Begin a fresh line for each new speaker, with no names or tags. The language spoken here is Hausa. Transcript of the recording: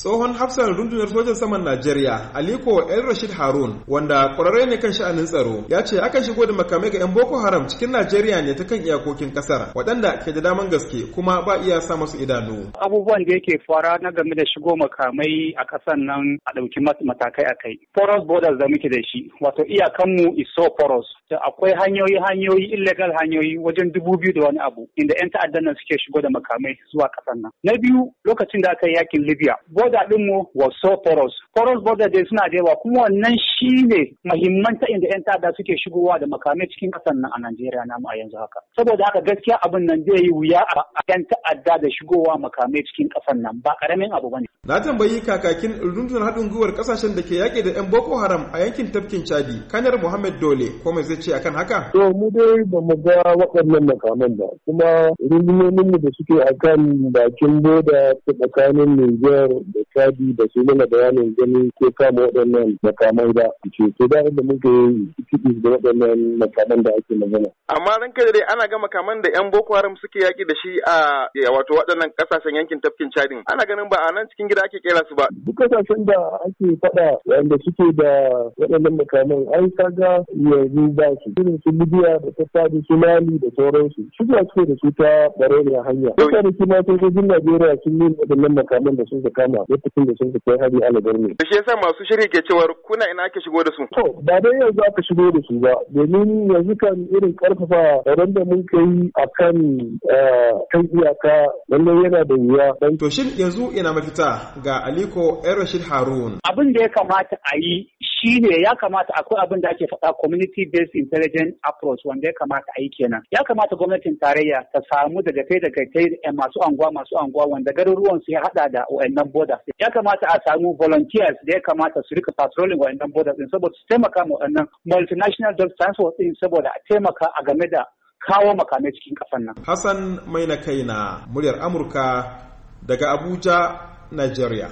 Tsohon hafsan rundunar sojan saman Najeriya, Aliko El Rashid Harun, wanda ƙwararre ne kan sha'anin tsaro, ya ce akan shigo da makamai ga 'yan Boko Haram cikin Najeriya ne ta kan iyakokin kasar waɗanda ke da daman gaske kuma ba iya sa masu idanu. Abubuwan da yake
fara na game da shigo makamai a ƙasar nan a ɗauki matakai a kai. Foros borders da muke da shi, wato iyakanmu iso poros. Da akwai hanyoyi hanyoyi illegal hanyoyi wajen dubu biyu da wani abu, inda 'yan ta'addan nan suke shigo da makamai zuwa ƙasar nan. Na biyu lokacin da aka yi yakin Libya, that Lumu was so porous cross border dai suna da yawa kuma wannan shi ne mahimman ta inda yan ta'adda suke shigowa da makamai cikin ƙasar nan a Najeriya namu a yanzu haka saboda haka gaskiya abin nan zai yi wuya a yan ta'adda da shigowa makamai cikin ƙasar nan ba ƙaramin abu bane
na tambayi kakakin rundunar haɗin gwiwar ƙasashen da ke yaƙi da yan Boko Haram a yankin tafkin Chadi kanar Muhammad Dole ko mai zai ce akan haka to mu dai ba mu ga waɗannan makaman ba kuma
rundunonin da suke akan bakin boda ta tsakanin Niger da Chadi da su nuna bayanin wani ko kama waɗannan makaman ba ce to da inda yi kiɗi da waɗannan makaman da ake magana.
Amma ran kai dai ana ga makaman da ƴan Boko Haram suke yaƙi da shi a wato waɗannan ƙasashen yankin tafkin Chadin ana ganin ba a nan cikin gida ake
kera su ba. Duk ƙasashen da ake faɗa wanda suke da waɗannan makaman ai ga yanzu ba su irin su Libya da ta Sadi su Mali da sauransu su ba suke da su ta a hanya. Duk da kima jin Najeriya sun nuna waɗannan makaman da sun kama lokacin da sun kai hari alagarmi. ne.
Shi yasa masu shiri ke cewar kuna ina ake shigo da su?
To ba dai yanzu aka shigo da su ba domin yanzu kan irin karfafa ran da mun kai a kan eh, kan iyaka wannan yana da wuya. To shin yanzu ina mafita ga
Aliko Erashid Harun. Abin da ya kamata a yi shi ne ya kamata akwai abin da ake
faɗa community based intelligence approach wanda ya kamata a yi kenan ya kamata gwamnatin tarayya ta samu daga kai daga kai masu anguwa masu anguwa wanda garuruwan su ya haɗa da wayannan borders ya kamata a samu volunteers da ya kamata su rika patrolling wayannan borders din saboda su taimaka ma wayannan
multinational drug transport din saboda a taimaka a game da kawo makamai cikin kasan nan Hassan mai kai na muryar Amurka daga Abuja Nigeria